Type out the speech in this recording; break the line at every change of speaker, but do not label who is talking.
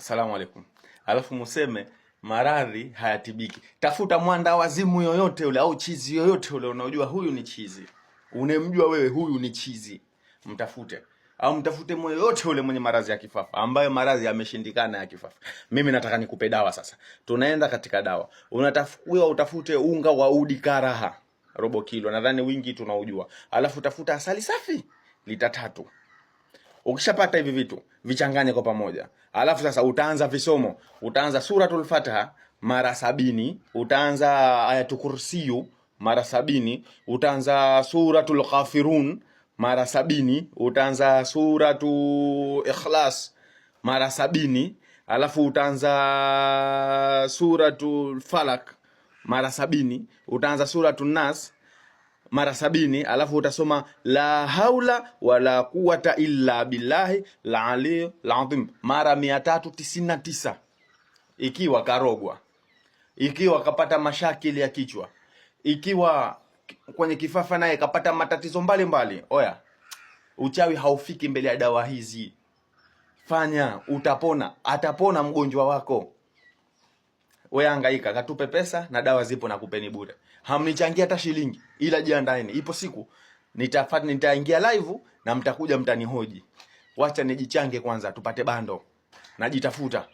Asalamu alaikum. Alafu museme maradhi hayatibiki. Tafuta mwanda wazimu yoyote ule au chizi yoyote ule unaojua huyu ni chizi, unemjua wewe huyu ni chizi, mtafute au mtafute yoyote ule mwenye maradhi ya kifafa ambayo maradhi yameshindikana ya kifafa. Mimi nataka nikupe dawa sasa. Tunaenda katika dawa. Unatafuta utafute unga wa udi karaha robo kilo, nadhani wingi tunaujua. Alafu tafuta asali safi lita tatu Ukishapata hivi vitu vichanganye kwa pamoja, alafu sasa utaanza visomo. Utaanza Suratul Fatiha mara sabini, utaanza Ayatul mara sabini, utaanza Suratul ghafirun mara sabini, utaanza Suratu Ikhlas mara sabini, alafu utaanza Suratul Falak mara sabini, utaanza Suratu Nas mara sabini alafu utasoma la haula wala quwata illa billahi la aliyu ladhim mara mia tatu tisini na tisa ikiwa karogwa, ikiwa kapata mashakili ya kichwa, ikiwa kwenye kifafa naye kapata matatizo mbalimbali mbali. Oya, uchawi haufiki mbele ya dawa hizi, fanya utapona, atapona mgonjwa wako we hangaika, katupe pesa na dawa zipo na kupeni bure, hamnichangia hata shilingi, ila jiandaeni, ipo siku nitafata, nitaingia live na mtakuja mtanihoji. Wacha nijichange kwanza, tupate bando, najitafuta.